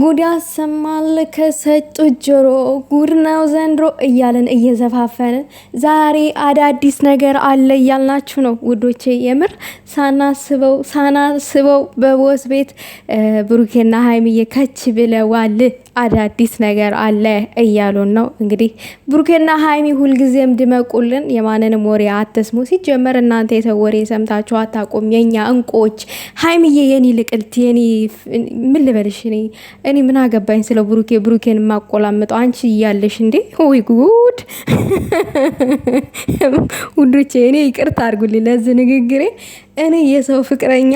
ጉድ ያሰማል ከሰጡት ጆሮ ጉድ ነው ዘንድሮ እያለን እየዘፋፈንን ዛሬ አዳዲስ ነገር አለ እያልናችሁ ነው ውዶቼ። የምር ሳናስበው ሳናስበው በቦስ ቤት ብሩኬና ሀይሚዬ ከች ብለዋል። አዳዲስ ነገር አለ እያሉን ነው። እንግዲህ ብሩኬና ሀይሚ ሁልጊዜም ድመቁልን፣ የማንንም ወሬ አትስሙ። ሲጀመር እናንተ የሰው ወሬ ሰምታችሁ አታቁም። የኛ እንቁዎች ሀይሚዬ፣ የኔ ልቅልት፣ የኔ ምን ልበልሽ እኔ እኔ ምን አገባኝ ስለ ብሩኬ ብሩኬን የማቆላምጠው አንቺ እያለሽ እንዴ? ሆይ ጉድ ውዶቼ፣ እኔ ይቅርታ አድርጉልኝ ለዚህ ንግግሬ። እኔ የሰው ፍቅረኛ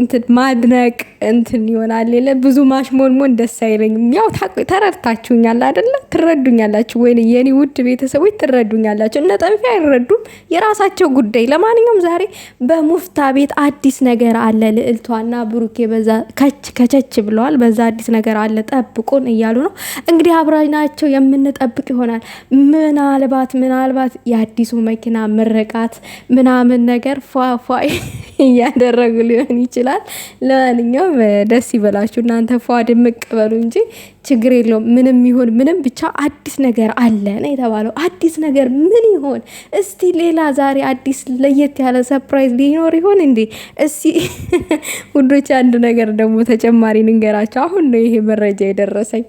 እንትን ማድነቅ እንትን ይሆናል የለ ብዙ ማሽሞንሞን ደስ አይለኝም። ያው ተረድታችሁኛል አደለ? ትረዱኛላችሁ ወይ የኔ ውድ ቤተሰቦች ትረዱኛላችሁ። እነ ጠንፌ አይረዱም፣ የራሳቸው ጉዳይ። ለማንኛውም ዛሬ በሙፍታ ቤት አዲስ ነገር አለ። ልዕልቷና ብሩኬ በዛ ከች ከቸች ብለዋል። በዛ አዲስ ነገር አለ ጠብቁን እያሉ ነው እንግዲህ። አብራናቸው የምንጠብቅ ይሆናል። ምናልባት ምናልባት የአዲሱ መኪና ምርቃት ምናምን ነገር ፏፏይ እያደረጉ ሊሆን ይችላል። ይችላል። ለማንኛውም ደስ ይበላችሁ እናንተ ፏድ ድምቅ እንጂ ችግር የለውም። ምንም ይሁን ምንም ብቻ አዲስ ነገር አለ ነው የተባለው። አዲስ ነገር ምን ይሆን እስቲ? ሌላ ዛሬ አዲስ ለየት ያለ ሰርፕራይዝ ሊኖር ይሆን እንዴ? እስቲ ውዶች፣ አንድ ነገር ደግሞ ተጨማሪ ንገራቸው። አሁን ነው ይሄ መረጃ የደረሰኝ።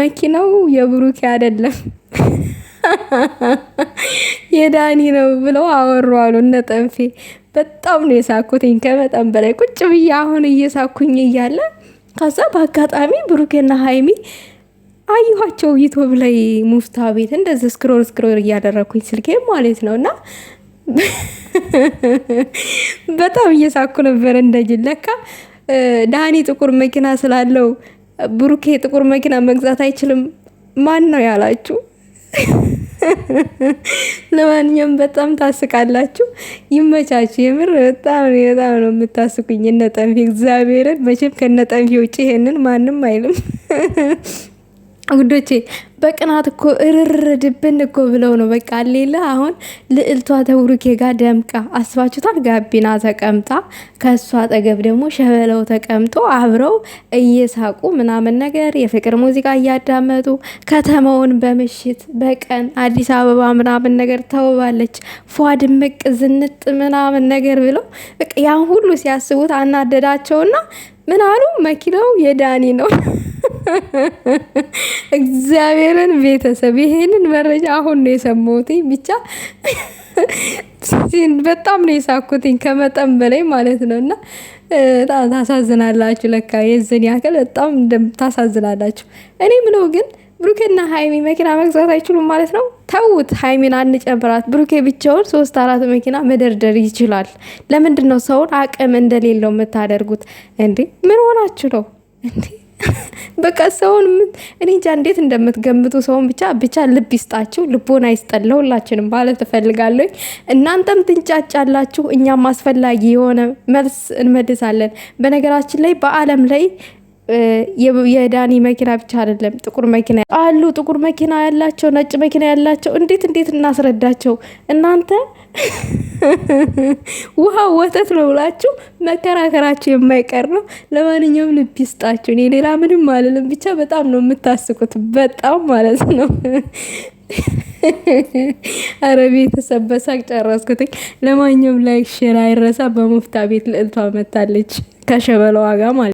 መኪናው የብሩኬ አይደለም የዳኒ ነው ብለው አወሩ አሉ እነ ጠንፌ በጣም ነው የሳኩትኝ ከመጠን በላይ ቁጭ ብዬ አሁን እየሳኩኝ እያለ ከዛ በአጋጣሚ ብሩኬና ሀይሚ አየኋቸው ዩቱብ ላይ ሙፍታ ቤት እንደዚ ስክሮል ስክሮል እያደረግኩኝ ስልኬ ማለት ነው እና በጣም እየሳኩ ነበር። እንደጅለካ ዳኒ ጥቁር መኪና ስላለው ብሩኬ ጥቁር መኪና መግዛት አይችልም። ማን ነው ያላችሁ? ለማንኛውም በጣም ታስቃላችሁ። ይመቻችሁ። የምር በጣም በጣም ነው የምታስቁኝ እነ ጠንፌ እግዚአብሔርን። መቼም ከነ ውጭ ይሄንን ማንም አይልም ውዶቼ። በቅናት እኮ እርር ድብን እኮ ብለው ነው በቃ ሌለ። አሁን ልዕልቷ ተብሩኬ ጋር ደምቃ አስባችሁታል። ጋቢና ተቀምጣ ከእሷ አጠገብ ደግሞ ሸበለው ተቀምጦ አብረው እየሳቁ ምናምን ነገር የፍቅር ሙዚቃ እያዳመጡ ከተማውን በምሽት በቀን አዲስ አበባ ምናምን ነገር ተውባለች፣ ፏ ድምቅ ዝንጥ ምናምን ነገር ብለው ያን ሁሉ ሲያስቡት አናደዳቸውና ምን አሉ መኪናው የዳኒ ነው እግዚአብሔርን ቤተሰብ ይሄንን መረጃ አሁን ነው የሰማሁትኝ። ብቻ በጣም ነው የሳኩትኝ ከመጠን በላይ ማለት ነው። እና በጣም ታሳዝናላችሁ። ለካ የዝን ያክል በጣም ታሳዝናላችሁ። እኔ ምለው ግን ብሩኬና ሀይሚ መኪና መግዛት አይችሉም ማለት ነው። ተዉት፣ ሀይሚን አንጨምራት። ብሩኬ ብቻውን ሶስት አራት መኪና መደርደር ይችላል። ለምንድን ነው ሰውን አቅም እንደሌለው የምታደርጉት እንዴ? ምን ሆናችሁ ነው እንዴ? በቃ ሰውን እኔ እንጃ እንዴት እንደምትገምቱ ሰውን ብቻ ብቻ ልብ ይስጣችሁ፣ ልቦን ይስጠን ለሁላችንም ማለት እፈልጋለሁ። እናንተም ትንጫጫላችሁ፣ እኛም አስፈላጊ የሆነ መልስ እንመልሳለን። በነገራችን ላይ በዓለም ላይ የዳኒ መኪና ብቻ አይደለም፣ ጥቁር መኪና አሉ፣ ጥቁር መኪና ያላቸው፣ ነጭ መኪና ያላቸው። እንዴት እንዴት እናስረዳቸው እናንተ ውሃ ወተት ነው ብላችሁ መከራከራችሁ የማይቀር ነው። ለማንኛውም ልብ ይስጣችሁ። እኔ ሌላ ምንም አልልም። ብቻ በጣም ነው የምታስቁት፣ በጣም ማለት ነው። አረ ቤተሰብ በሳቅ ጨረስኩትኝ። ለማንኛውም ላይክ፣ ሼር አይረሳ። በሙፍታ ቤት ልዕልቷ መታለች ከሸበለዋ ጋር ማለት